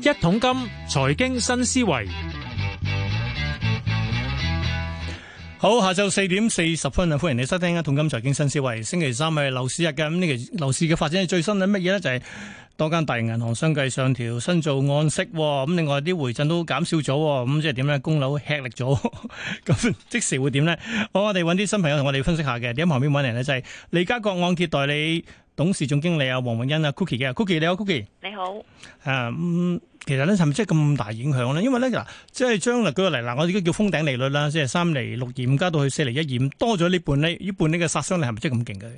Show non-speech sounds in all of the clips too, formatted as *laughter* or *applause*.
一桶金財經新思維，好，下晝四點四十分啊，歡迎你收聽一桶金財經新思維。星期三係樓市日嘅，咁呢期樓市嘅發展係最新係乜嘢咧？就係多間大型銀行相繼上調新做按息，咁另外啲回贈都減少咗，咁即係點咧？供樓吃力咗，咁即時會點咧？我我哋揾啲新朋友同我哋分析下嘅，點喺旁邊揾人咧？就係利嘉閣按揭代理。董事總經理啊，黃詠欣啊，Cookie 嘅，Cookie 你好，Cookie 你好。誒好、嗯，其實咧係咪真係咁大影響咧？因為咧嗱，即係將來舉個例，嗱，我哋而家叫封頂利率啦，即係三厘六二五加到去四厘一二五，多咗呢半厘，呢半厘嘅殺傷力係咪真係咁勁嘅？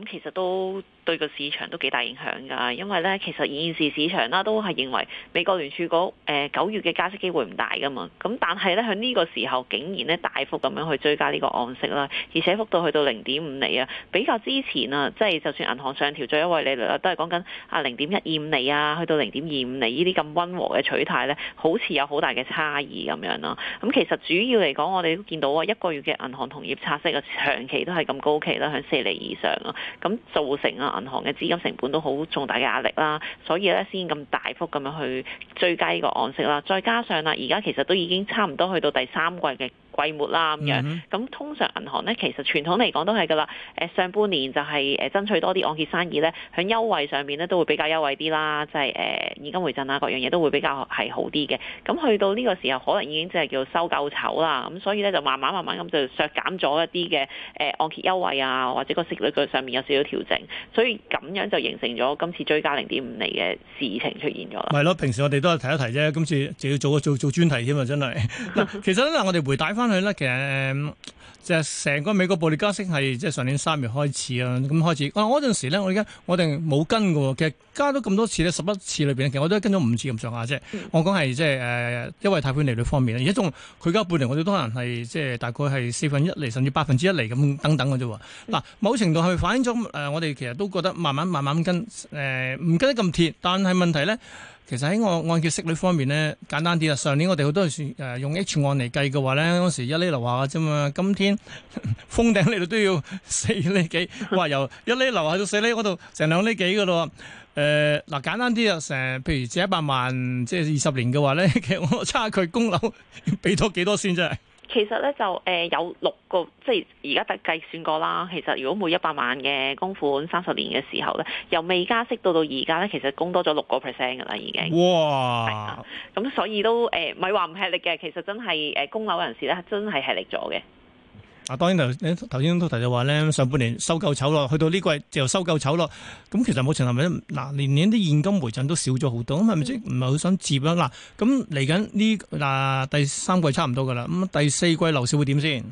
咁其實都。對個市場都幾大影響㗎，因為咧其實現時市場啦都係認為美國聯儲局誒九月嘅加息機會唔大噶嘛，咁但係咧喺呢個時候竟然咧大幅咁樣去追加呢個按息啦，而且幅度去到零點五厘啊，比較之前啊，即係就算銀行上調最優惠利率啊，都係講緊啊零點一二五厘啊，去到零點二五厘呢啲咁溫和嘅取態咧，好似有好大嘅差異咁樣咯。咁、嗯、其實主要嚟講，我哋都見到啊一個月嘅銀行同業拆息嘅長期都係咁高企啦，喺四厘以上啊，咁、嗯、造成啊。銀行嘅資金成本都好重大嘅壓力啦，所以咧先咁大幅咁樣去追加呢個按息啦，再加上啦、啊，而家其實都已經差唔多去到第三季嘅。季末啦咁樣，咁、 *noise* 嗯、哼通常銀行咧，其實傳統嚟講都係噶啦。誒上半年就係誒爭取多啲按揭生意咧，喺優惠上面咧都會比較優惠啲啦，即係誒現金回贈啊，各樣嘢都會比較係好啲嘅。咁去到呢個時候，可能已經即係叫收夠籌啦。咁所以咧就慢慢慢慢咁就削減咗一啲嘅誒按揭優惠啊，或者個息率上面有少少調整。所以咁樣就形成咗今次追加零點五厘嘅事情出現咗啦。係咯，平時我哋都係提一提啫，今次就要做做做專題添啊，真係。 *laughs* 其實咧，我哋回帶翻。係咧，其實就成、呃、個美國暴力加息係即係上年三月開始啊。咁開始。嗱，嗰陣時咧，我而家我哋冇跟嘅，其實加咗咁多次咧，十一次裏邊，其實我都係跟咗五次咁上下啫。嗯、我講係即係誒，因為貸款利率方面而家仲佢加半年，我哋都可能係即係大概係四分一厘，甚至百分之一厘咁等等嘅啫。嗱、嗯，某程度係反映咗誒，我哋其實都覺得慢慢慢慢跟誒，唔、呃、跟得咁貼，但係問題咧。其實喺我按揭息率方面咧，簡單啲啊，上年我哋好多算誒用 H 按嚟計嘅話咧，嗰時一厘樓下嘅啫嘛，今天封頂呢度都要四厘幾，哇、呃、由一厘樓下到四厘嗰度，成兩厘幾嘅咯，誒、呃、嗱簡單啲啊，成譬如借一百萬即係二十年嘅話咧，其實我差距供樓要俾多幾多先真係？其實咧就誒有六個，即係而家計算過啦。其實如果每一百萬嘅供款三十年嘅時候咧，由未加息到到而家咧，其實供多咗六個 percent 噶啦，已經。哇！咁所以都誒咪話唔吃力嘅，其實真係誒供樓人士咧真係吃力咗嘅。嗱，當然就你頭先都提就話咧，上半年收夠醜咯，去到呢季就收夠醜咯，咁其實冇情係咪嗱，年年啲現金回贈都少咗好多，咁係咪即唔係好想接啦？嗱，咁嚟緊呢嗱第三季差唔多㗎喇，咁第四季樓市會點先？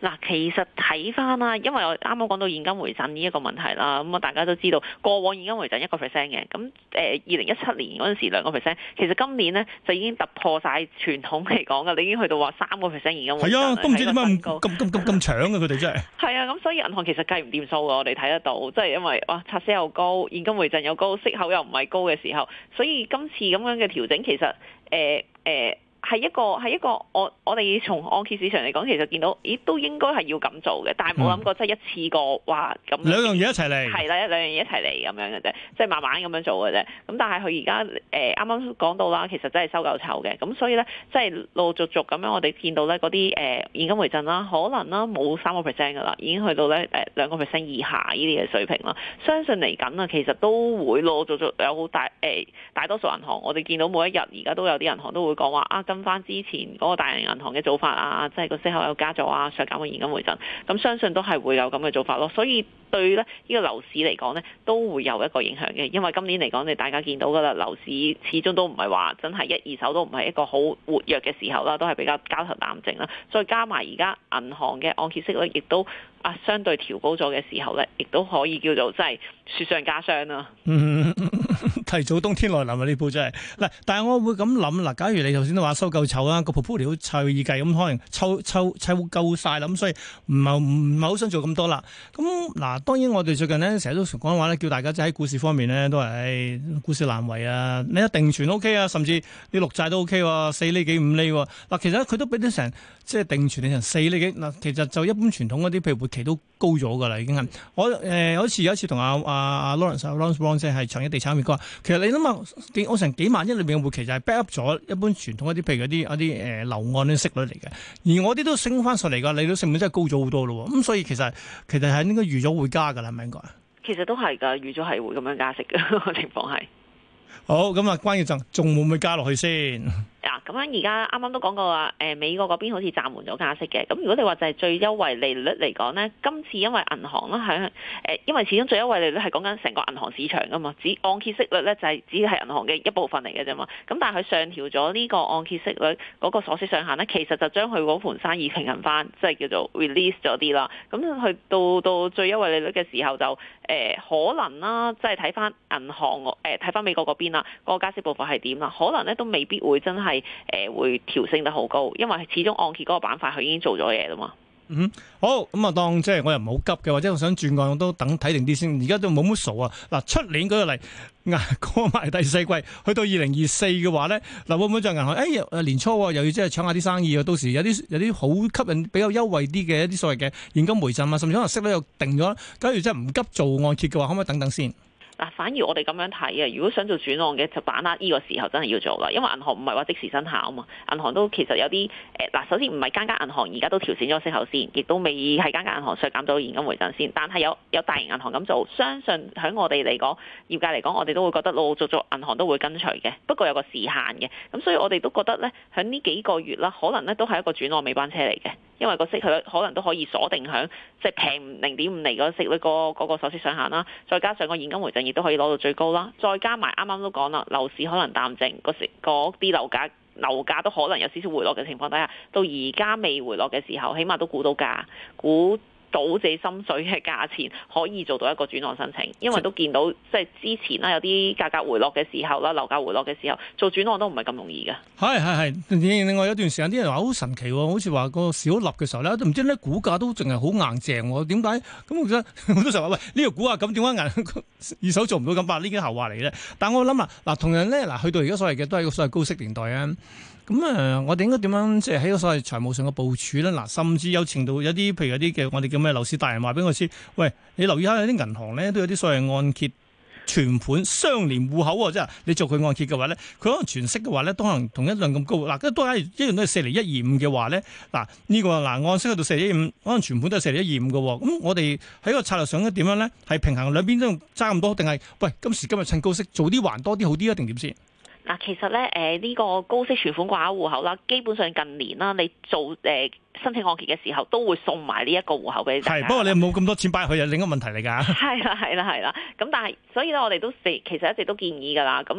嗱，其實睇翻啦，因為我啱啱講到現金回贈呢一個問題啦，咁啊大家都知道，過往現金回贈一個 percent 嘅，咁誒二零一七年嗰陣時兩個 percent，其實今年咧就已經突破晒傳統嚟講嘅，你已經去到話三個 percent 現金回贈，係啊，都唔知點解咁咁咁咁搶啊佢哋 *laughs* 真係，係啊，咁所以銀行其實計唔掂數嘅，我哋睇得到，即係因為哇拆息又高，現金回贈又高，息口又唔係高嘅時候，所以今次咁樣嘅調整其實誒誒。呃呃係一個係一個，我我哋從按揭市場嚟講，其實見到咦都應該係要咁做嘅，但係冇諗過即係、嗯、一次過話咁兩樣嘢一齊嚟係啦，兩一兩樣嘢一齊嚟咁樣嘅啫，即係慢慢咁樣做嘅啫。咁但係佢而家誒啱啱講到啦，其實真係收夠籌嘅，咁所以咧即係陸陸續續咁樣，我哋見到咧嗰啲誒現金回贈啦，可能啦冇三個 percent 㗎啦，已經去到咧誒兩個 percent 以下呢啲嘅水平啦。相信嚟緊啊，其實都會陸陸續續有好大誒、呃、大多數銀行，我哋見到每一日而家都有啲銀行都會講話啊，啊，啊，啊，啊，啊，啊，啊，啊跟翻之前嗰個大型銀行嘅做法啊，即係個息口又加咗啊，削減嘅現金回贈，咁相信都係會有咁嘅做法咯。所以對咧，呢個樓市嚟講呢，都會有一個影響嘅。因為今年嚟講，你大家見到噶啦，樓市始終都唔係話真係一二手都唔係一個好活躍嘅時候啦，都係比較交投淡靜啦。再加埋而家銀行嘅按揭息率，亦都，相對調高咗嘅時候咧，亦都可以叫做即係雪上加霜咯。提早冬天來臨啊！呢鋪真係嗱，但係我會咁諗啦。假如你頭先都話收夠籌啦，個 proposal 計咁，可能臭抽抽夠晒啦，咁所以唔係唔係好想做咁多啦。咁嗱，當然我哋最近呢，成日都講話咧，叫大家喺股市方面呢都係股市難為啊。你一定存 O K 啊，甚至你綠債都 O K 喎，四厘幾五厘喎。嗱，其實佢都俾到成即係定存你成四厘幾嗱，其實就一般傳統嗰啲譬如。期都高咗噶啦，已經。我誒、呃、有一次有一次同阿阿 Lawrence、Lawrence Wong 即係長遠地產方面，佢話其實你諗下，幾我成幾萬億裏邊嘅匯期就係 back up 咗一般傳統一啲，譬如嗰啲一啲誒、呃、樓按啲息率嚟嘅，而我啲都升翻上嚟噶，你都成本真係高咗好多咯。咁、嗯、所以其實其實係應該預咗會加噶啦，係咪應該？其實，是是其實都係噶，預咗係會咁樣加息嘅 *laughs* 情況係。好，咁啊，關鍵仲仲會唔會加落去先？啊、呃，咁樣而家啱啱都講過話，誒美國嗰邊好似暫緩咗加息嘅。咁如果你話就係最優惠利率嚟講咧，今次因為銀行啦，響、呃、誒，因為始終最優惠利率係講緊成個銀行市場噶嘛，只按揭息率咧就係、是、只係銀行嘅一部分嚟嘅啫嘛。咁但係佢上調咗呢個按揭息率嗰個鎖息上限咧，其實就將佢嗰盤生意平衡翻，即、就、係、是、叫做 release 咗啲啦。咁佢到到最優惠利率嘅時候就。誒可能啦，即係睇翻銀行誒，睇、呃、翻美國嗰邊啦，個加息步伐係點啦？可能咧都未必會真係誒、呃、會調升得好高，因為始終按揭嗰個板塊佢已經做咗嘢啦嘛。嗯，好，咁啊，當即係我又唔好急嘅，或者想轉案我想轉按，都等睇定啲先。而家都冇乜數啊。嗱，出年嗰個嚟捱過埋第四季，去到二零二四嘅話咧，嗱，會唔會就係銀行？哎，年初又要即係搶下啲生意啊！到時有啲有啲好吸引，比較優惠啲嘅一啲所謂嘅現金回贈啊，甚至可能息率又定咗。假如真係唔急做按揭嘅話，可唔可以等等先？嗱，反而我哋咁樣睇嘅，如果想做轉按嘅就把握呢個時候真係要做啦，因為銀行唔係話即時生效啊嘛。銀行都其實有啲誒嗱，首先唔係間間銀行而家都調整咗息口先，亦都未係間間銀行削減咗現金回贈先，但係有有大型銀行咁做，相信喺我哋嚟講，業界嚟講，我哋都會覺得陸陸續續銀行都會跟隨嘅。不過有個時限嘅，咁所以我哋都覺得咧，喺呢幾個月啦，可能咧都係一個轉按尾班車嚟嘅。因為個息佢率可能都可以鎖定喺即係平零點五厘嗰息率個嗰首息上限啦，再加上個現金回贈亦都可以攞到最高啦，再加埋啱啱都講啦，樓市可能淡靜，個嗰啲樓價樓價都可能有少少回落嘅情況底下，到而家未回落嘅時候，起碼都估到價估。組自己心水嘅價錢可以做到一個轉按申請，因為都見到即係之前啦，有啲價格回落嘅時候啦，樓價回落嘅時候做轉按都唔係咁容易嘅。係係係，另外有一段時間啲人話好神奇，好似話個小立嘅時候咧都唔知咧，股價都仲係好硬淨喎，點解？咁我覺得好多時候話喂呢條、呢個、股啊咁點解硬二手做唔到咁白呢啲後話嚟咧。但我諗啊嗱，同樣咧嗱，去到而家所謂嘅都係一個所謂高息年代啊，咁誒，我哋應該點樣即係喺個所謂財務上嘅部署咧？嗱，甚至有程度有啲譬如有啲嘅我哋叫樓市大人話俾我知，喂，你留意下有啲銀行咧，都有啲所謂按揭存款相連戶口啊，即係你做佢按揭嘅話咧，佢可能存息嘅話咧，都可能同一樣咁高。嗱、啊，都都假如一樣都係四厘一二五嘅話咧，嗱、啊、呢、這個嗱、啊、按息去到四厘一二五，可能存款都係四厘一二五嘅。咁、啊、我哋喺個策略上咧，點樣咧？係平衡兩邊都差咁多，定係喂今時今日趁高息早啲還多啲好啲啊？定點先？嗱，其實咧，誒、呃、呢、這個高息存款掛喺戶口啦，基本上近年啦，你做誒。呃申請按揭嘅時候都會送埋呢一個戶口俾是你。係，不過你冇咁多錢擺入去又另一個問題嚟㗎。係 *laughs* 啦，係啦，係啦。咁但係，所以咧我哋都其實一直都建議㗎啦。咁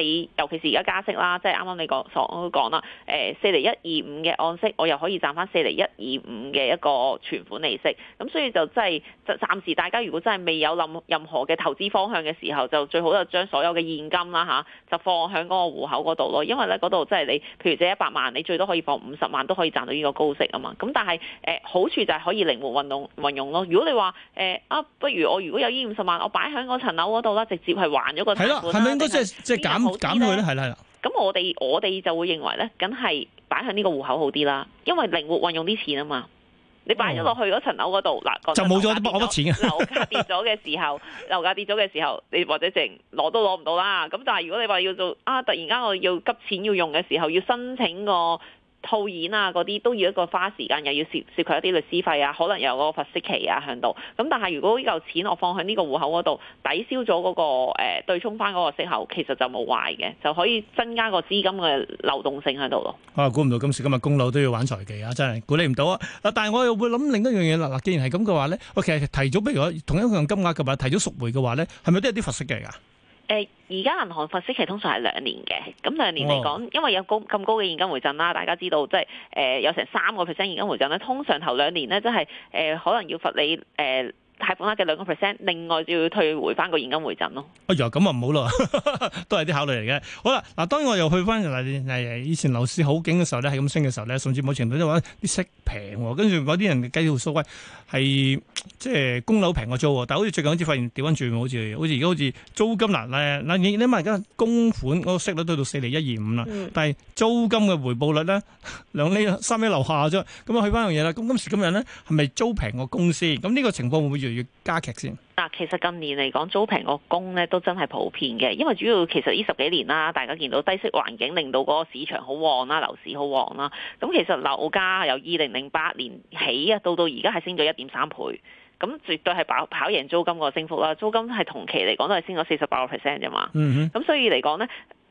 你尤其是而家加息啦，即係啱啱你講所講啦。誒、呃，四厘一二五嘅按息，我又可以賺翻四厘一二五嘅一個存款利息。咁所以就真係暫時大家如果真係未有諗任何嘅投資方向嘅時候，就最好就將所有嘅現金啦吓、啊，就放喺嗰個戶口嗰度咯。因為咧嗰度即係你，譬如借一百萬，你最多可以放五十萬都可以賺到呢個高息。咁但係誒、呃、好處就係可以靈活運動運用咯。如果你話誒、呃、啊，不如我如果有呢五十萬，我擺喺嗰層樓嗰度啦，直接係還咗個貸款啦。係咪應該即係即係減減去咧？係啦係啦。咁、嗯、我哋我哋就會認為咧，梗係擺喺呢個戶口好啲啦，因為靈活運用啲錢啊嘛。你擺咗落去嗰層樓嗰度嗱，就冇咗好多錢。 *laughs* 樓價跌咗嘅時候，樓價跌咗嘅時候，你或者淨攞都攞唔到啦。咁但係如果你話要做啊，啊，突然間我要急錢要用嘅時候，要申請個。套現啊，嗰啲都要一個花時間，又要涉涉及一啲律師費啊，可能又有嗰個罰息期啊喺度。咁但係如果呢嚿錢我放喺呢個戶口嗰度，抵消咗嗰、那個誒、呃、對沖翻嗰個息口，其實就冇壞嘅，就可以增加個資金嘅流動性喺度咯。啊，估唔到今時今日供樓都要玩財技啊！真係管理唔到啊！啊，但係我又會諗另一樣嘢啦。嗱，既然係咁嘅話咧，我其實提早譬如同一個金額嘅話，提早贖回嘅話咧，係咪都有啲罰息嘅㗎？誒，而家銀行罰息期通常係兩年嘅，咁兩年嚟講，因為有高咁高嘅現金回贈啦，大家知道即係誒有成三個 percent 現金回贈咧，通常頭兩年咧，即係誒可能要罰你誒。呃貸款額嘅兩個 percent，另外就要退回翻個現金回贈咯。哦、哎，又咁啊唔好咯， *laughs* 都係啲考慮嚟嘅。好啦，嗱當然我又去翻係以前樓市好勁嘅時候咧，係咁升嘅時候咧，甚至某程度即係話啲息平，跟住嗰啲人繼續所謂係即係供樓平過租。但係好似最近好似發現調翻轉好似好似而家好似租金難咧，嗱你你問而家供款嗰個息率都到四厘一二五啦，但係租金嘅回報率咧兩厘三厘樓下啫。咁啊去翻樣嘢啦。咁今時今日咧係咪租平過公司？咁呢個情況會唔會完？要加劇先。嗱，其實近年嚟講，租平個供咧都真係普遍嘅，因為主要其實呢十幾年啦，大家見到低息環境令到嗰個市場好旺啦，樓市好旺啦。咁其實樓價由二零零八年起啊，到到而家係升咗一點三倍，咁絕對係跑跑贏租金個升幅啦。租金係同期嚟講都係升咗四十八個 percent 啫嘛。嗯咁哼所以嚟講咧，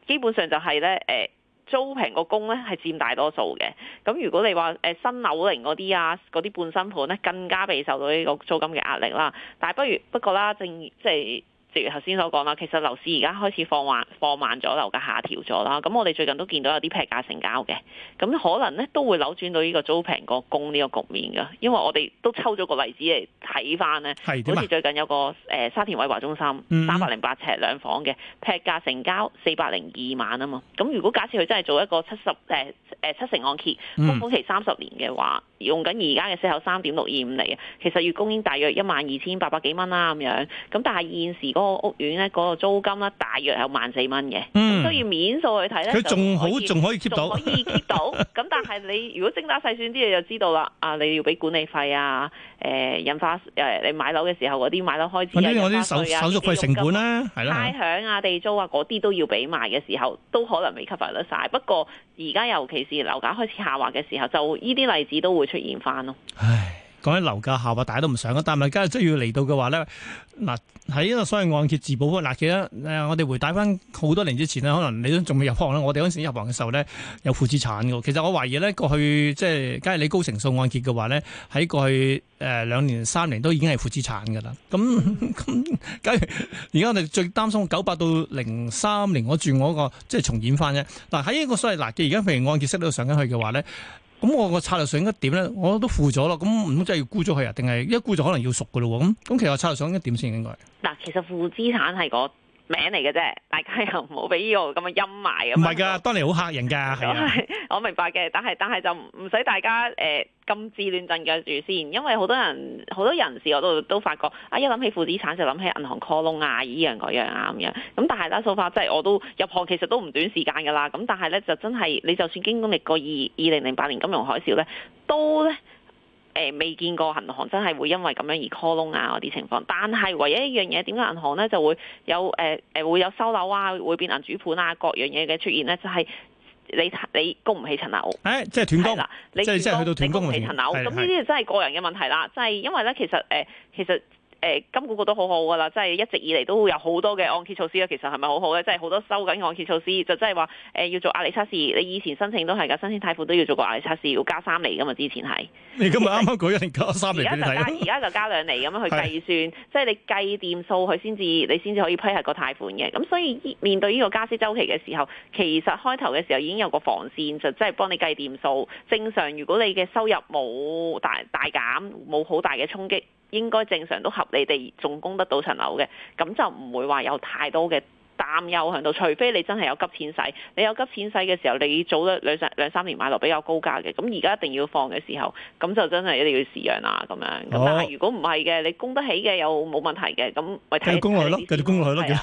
基本上就係、是、咧，誒、呃。租平個供咧係佔大多數嘅，咁如果你話誒新樓齡嗰啲啊，嗰啲半新盤咧，更加被受到呢個租金嘅壓力啦，但係不如不過啦，正即係。正如頭先所講啦，其實樓市而家開始放慢、放慢咗，樓價下調咗啦。咁我哋最近都見到有啲劈價成交嘅，咁可能咧都會扭轉到呢個租平過供呢個局面嘅。因為我哋都抽咗個例子嚟睇翻咧，好似、啊、最近有個誒、呃、沙田偉華中心三百零八尺兩房嘅、嗯、劈價成交四百零二萬啊嘛。咁如果假設佢真係做一個七十誒誒七成按揭，付款期三十年嘅話，用緊而家嘅息口，三點六二五厘，嘅，其實月供應大約一萬二千八百幾蚊啦咁樣，咁但係現時嗰個屋苑咧嗰、嗰個租金啦，大約有萬四蚊嘅，咁都要面數去睇咧。佢仲好，仲可以 keep 到，可以 keep 到。咁 *laughs* 但係你如果精打細算啲，你就知道啦。啊，你要俾管理費啊，誒、呃、印花誒、啊，你買樓嘅時候嗰啲買樓開支啊，有手手續費成本啦，係啦，差餉的啊地租啊嗰啲都要俾埋嘅時候，都可能未吸發得晒。 *laughs* *laughs* 不過而家尤其是樓價開始下滑嘅時候，就呢啲例子都會，出現翻咯！唉，講起樓價下滑，大家都唔想啊。但係，假如真要嚟到嘅話咧，嗱喺呢個所謂按揭自保嗱嘅咧，其實我哋回帶翻好多年之前咧，可能你都仲未入行啦。我哋嗰陣時入行嘅時候咧，有負資產㗎。其實我懷疑咧，過去即係，假如你高成數按揭嘅話咧，喺過去誒、呃、兩年三年都已經係負資產㗎啦。咁、嗯、咁，假如而家我哋最擔心九八到零三年，我住我、我個即係重演翻咧。嗱喺呢個所謂嗱嘅，而家譬如按揭息都上緊去嘅話咧。咁我個策略上應該點咧？我都負咗咯，咁唔通真係要沽咗佢啊？定係一沽就可能要贖噶咯？咁咁其實我策略上應該點先應該？嗱，其實負資產係個名嚟嘅啫，大家又唔好俾呢個咁嘅陰霾啊！唔係噶，我當你好吓人噶係啊，我明白嘅，但係但係就唔使大家誒。呃咁自亂陣腳住先，因為好多人好多人士我度都發覺，啊一諗起負資產就諗起銀行 call 窿啊，依樣嗰樣啊咁樣，咁但係咧蘇法，即係我都入行其實都唔短時間噶啦，咁但係咧，就真係你就算經歷過二二零零八年金融海嘯咧，都咧誒未見過銀行真係會因為咁樣而 call 窿啊嗰啲情況，但係唯一一樣嘢，點解銀行咧就會有誒誒、呃、會有收樓啊，會變銀主盤啊各樣嘢嘅出現咧，就係、是。你你供唔起層樓？誒、欸，即係斷供啦！你即係即係去到斷供唔起層樓。咁呢啲真係個人嘅問題啦，即係因為咧，其實誒、呃，其實。誒，金管局都好好噶啦，即係一直以嚟都有好多嘅按揭措施啦。其實係咪好好咧？即係好多收緊按揭措施，就即係話誒要做壓力測試。你以前申請都係噶，申請貸款都要做個壓力測試，要加三厘噶嘛。之前係，你今日啱啱舉例加三 *laughs* 厘，而家就加而家就加兩厘咁樣去計算，的即係你計掂數，佢先至你先至可以批核個貸款嘅。咁所以面對呢個加息周期嘅時候，其實開頭嘅時候已經有個防線，就即、是、係幫你計掂數。正常如果你嘅收入冇大大，大減，冇好大嘅衝擊，應該正常都合。你哋仲供得到層樓嘅，咁就唔會話有太多嘅擔憂喺度。除非你真係有急錢使，你有急錢使嘅時候，你早兩兩兩三年買落比較高價嘅。咁而家一定要放嘅時候，咁就真係一定要蝕讓啦咁樣。咁但係如果唔係嘅，你供得起嘅又冇問題嘅，咁咪繼續供落去咯，繼續供落去咯。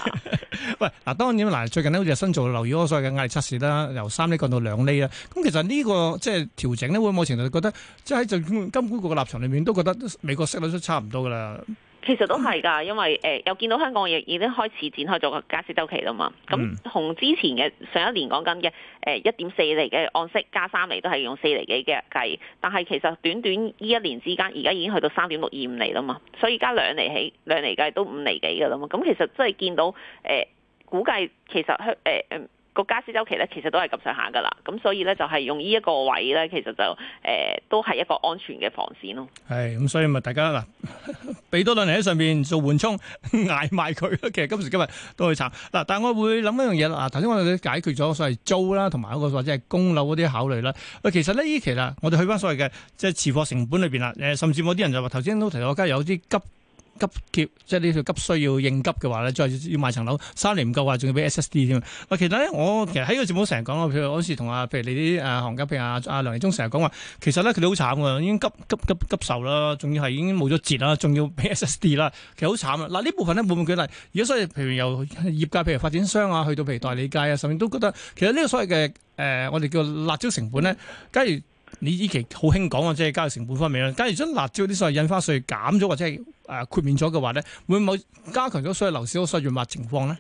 喂，嗱內當然嗱最近呢好似新做留意嗰個所謂嘅壓力測試啦，由三厘降到兩厘啦。咁其實呢個即係調整呢，會冇程度覺得即係喺金管局嘅立場裏面都覺得美國息率都差唔多㗎喇。其實都係㗎，因為誒、呃、又見到香港亦已經開始展開咗個加息周期啦嘛。咁、嗯、同之前嘅上一年講緊嘅誒一點四厘嘅按息加三厘都係用四厘幾嘅計，但係其實短短呢一年之間，而家已經去到三點六二五厘啦嘛。所以而家兩厘起兩厘計都五厘幾㗎啦嘛。咁、嗯、其實真係見到誒、呃，估計其實香誒嗯。呃個加息周期咧，其實都係咁上下噶啦，咁所以咧就係用呢一個位咧，其實就誒都係一個安全嘅防線咯。係，咁所以咪大家嗱，畀多兩年喺上面做緩衝，捱埋佢咯。其實今時今日都去查，嗱，但係我會諗一樣嘢啦。嗱，頭先我哋解決咗所謂租啦，同埋嗰個或者係供樓嗰啲考慮啦。喂，其實呢，呢期啦，我哋去翻所謂嘅即係持貨成本裏邊啦。誒，甚至有啲人就話頭先都提到，而家有啲急。急缺即係呢條急需要應急嘅話咧，再要買層樓三年唔夠話，仲要俾 SSD 添。嗱，其實咧，我其實喺個節目成日講啦，譬如我嗰時同啊，譬如你啲誒行家，譬如阿阿梁日忠成日講話，其實咧佢哋好慘喎，已經急急急急售啦，仲要係已經冇咗折啦，仲要俾 SSD 啦，其實好慘啊！嗱，呢部分咧，換換舉例，如果所以譬如由業界譬如發展商啊，去到譬如代理界啊，甚至都覺得其實呢個所謂嘅誒、呃，我哋叫辣椒成本咧，假如。你依期好興講啊，即係交易成本方面啦。假如將辣椒啲稅印花稅減咗或者係誒豁免咗嘅話咧，會唔會加強咗所謂樓市所個衰弱情況咧？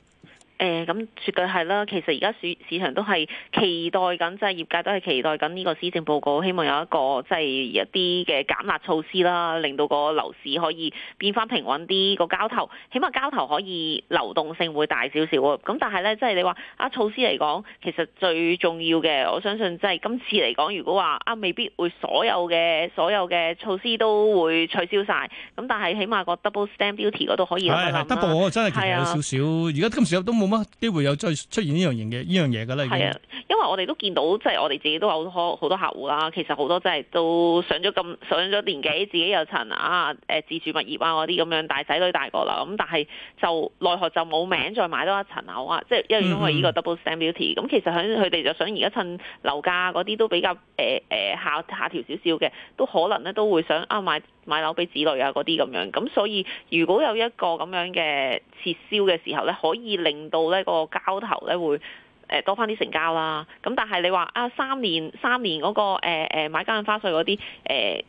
誒咁絕對係啦，其實而家市市場都係期待緊，即係業界都係期待緊呢個施政報告，希望有一個即係一啲嘅減壓措施啦，令到個樓市可以變翻平穩啲，個交投起碼交投可以流動性會大少少啊。咁但係咧，即係你話啊，措施嚟講，其實最重要嘅，我相信即係今次嚟講，如果話啊，未必會所有嘅所有嘅措施都會取消晒。咁但係起碼個 double stamp duty 嗰度可以係係，double 真係少少。而家今時都冇。啲會有再出現呢樣嘢，呢樣嘢嘅咧，係啊，因為我哋都見到，即係我哋自己都有好多好多客戶啦。其實好多真係都上咗咁上咗年紀，自己有層啊，誒自住物業啊嗰啲咁樣，大仔女大個啦。咁、嗯、但係就奈何就冇名，再買多一層樓啊！即係因為呢個 Double Stamp Duty，咁、嗯、哼其實喺佢哋就想而家趁樓價嗰啲都比較誒誒下下調少少嘅，都可能咧都會想啊買。買樓俾子女啊，嗰啲咁樣，咁所以如果有一個咁樣嘅撤銷嘅時候咧，可以令到咧個交投咧會誒、呃、多翻啲成交啦。咁但係你話啊，三年三年嗰、嗰個誒誒、呃、買家印花稅嗰啲誒。呃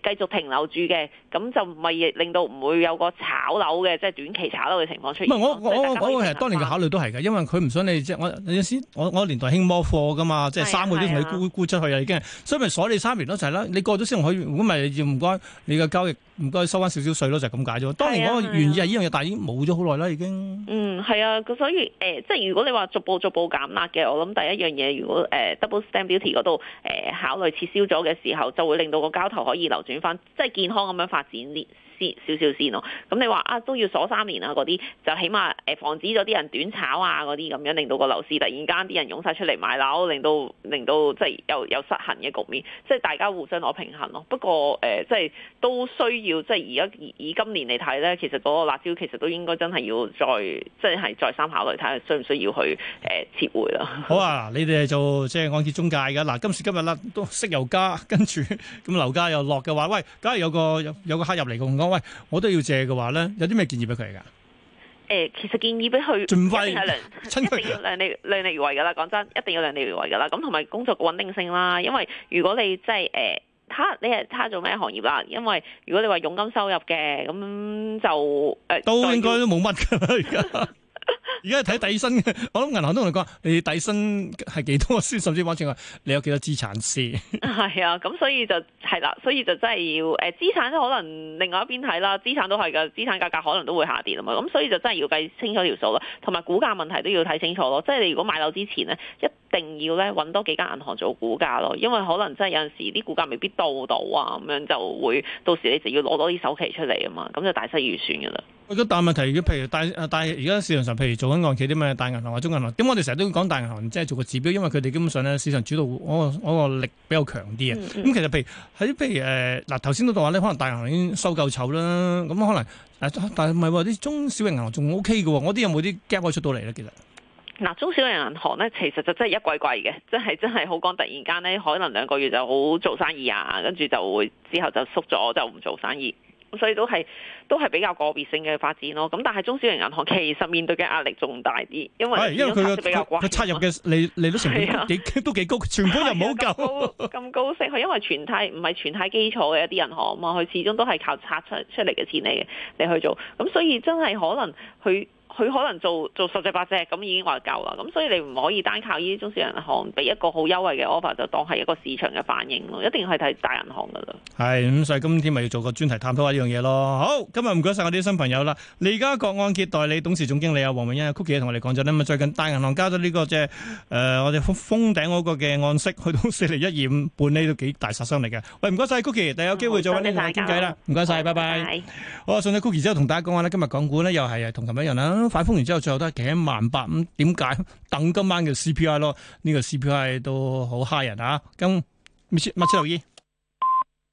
誒繼續停留住嘅，咁就唔係令到唔會有個炒樓嘅，即、就、係、是、短期炒樓嘅情況出現。我我我嗰個係當年嘅考慮都係嘅，因為佢唔想你即係我有陣時我我年代興摩貨㗎嘛，即係三個月都同你沽、啊、沽出去啊已經，所以咪鎖你三年咯就係啦，你過咗先可以，如果唔係要唔該你嘅交易。唔該收翻少少稅咯，就咁解咗。當然嗰個、啊啊、原意係呢樣嘢，但係已經冇咗好耐啦，已經。嗯，係啊。咁所以誒、呃，即係如果你話逐步逐步減壓嘅，我諗第一樣嘢，如果誒、呃、Double Stamp Duty 嗰度誒考慮撤銷咗嘅時候，就會令到個交投可以流轉翻，即係健康咁樣發展呢。少少先咯，咁你話啊都要鎖三年啊，嗰啲就起碼誒防止咗啲人短炒啊，嗰啲咁樣令到個樓市突然間啲人湧晒出嚟買樓，令到令到即係又有失衡嘅局面，即係大家互相攞平衡咯。不過誒、呃，即係都需要即係而家以今年嚟睇咧，其實嗰個辣招其實都應該真係要再即係再三考慮睇下需唔需要去誒、呃、撤回啦。好啊，你哋就即係、就是、按揭中介嘅嗱，今時今日啦，都息又加，跟住咁樓價又落嘅話，喂，梗係有個有個客入嚟喂，我都要借嘅話咧，有啲咩建議俾佢噶？誒，其實建議俾佢盡快，盡量量力量力而為噶啦。講真，一定要量力而為噶啦。咁同埋工作嘅穩定性啦，因為如果你即係誒，他、呃、你係他做咩行業啦？因為如果你話佣金收入嘅，咁就誒、呃、都應該都冇乜噶啦而家。 *laughs* 而家睇底薪嘅，我諗銀行都同你講，你底薪係幾多，甚至甚至話你有幾多資產先。係 *laughs* 啊，咁所以就係啦，啊，所以就真係要誒資產可能另外一邊睇啦，資產都係噶，資產價格可能都會下跌啊嘛，咁所以就真係要計清楚條數啦，同埋估價問題都要睇清楚咯。即係你如果買樓之前呢，一定要咧揾多幾間銀行做估價咯，因為可能真係有陣時啲估價未必到到啊，咁樣就會到時你就要攞多啲首期出嚟啊嘛，咁就大失預算噶啦。咁但係問題，如果譬如但係但係而家市場上譬如做。銀行企啲咩大銀行或中銀行？點我哋成日都講大銀行，即係做個指標，因為佢哋基本上咧市場主導嗰個個力比較強啲啊。咁其實譬如喺譬如誒嗱，頭先都話咧可能大銀行已經收夠丑啦，咁可能但係唔係喎，啲中小型銀行仲 O K 嘅喎。我啲有冇啲 gap 可以出到嚟咧？其實嗱，中小型銀行咧、OK 呃，其實就真係一季季嘅，即係真係好講，突然間咧可能兩個月就好做生意啊，跟住就會之後就縮咗就唔做生意。所以都係都係比較個別性嘅發展咯。咁但係中小型銀行其實面對嘅壓力仲大啲，因為比較因為佢嘅佢插入嘅利利率成幾，的都，幾都幾高，全部又冇夠咁高息。佢 *laughs* 因為存貸唔係存貸基礎嘅一啲銀行啊嘛，佢始終都係靠拆出出嚟嘅錢嚟嘅嚟去做。咁所以真係可能佢。佢可能做做十隻八隻咁已經話夠啦，咁所以你唔可以單靠呢啲中小銀行俾一個好優惠嘅 offer 就當係一個市場嘅反應咯，一定係睇大銀行噶啦。係，咁、嗯、所以今天咪要做個專題探討下呢樣嘢咯。好，今日唔該晒我啲新朋友啦。利嘉閣按揭代理董事總經理啊，黃詠欣啊，Cookie 同我哋講咗呢。咁最近大銀行加咗呢個即係誒我哋封頂嗰個嘅按息，去到四厘一二五半呢，都幾大殺傷力嘅。喂，唔該晒 Cookie，第日有機會再揾你同我傾偈啦。唔該晒，拜拜。好啊，送咗 Cookie 之後同大家講下今日港股呢，又係同琴日一樣啦。反封完之後，最後都係幾喺萬八咁，點解？等今晚嘅 CPI 咯，呢、這個 CPI 都好吓人啊！咁，密切密切留意。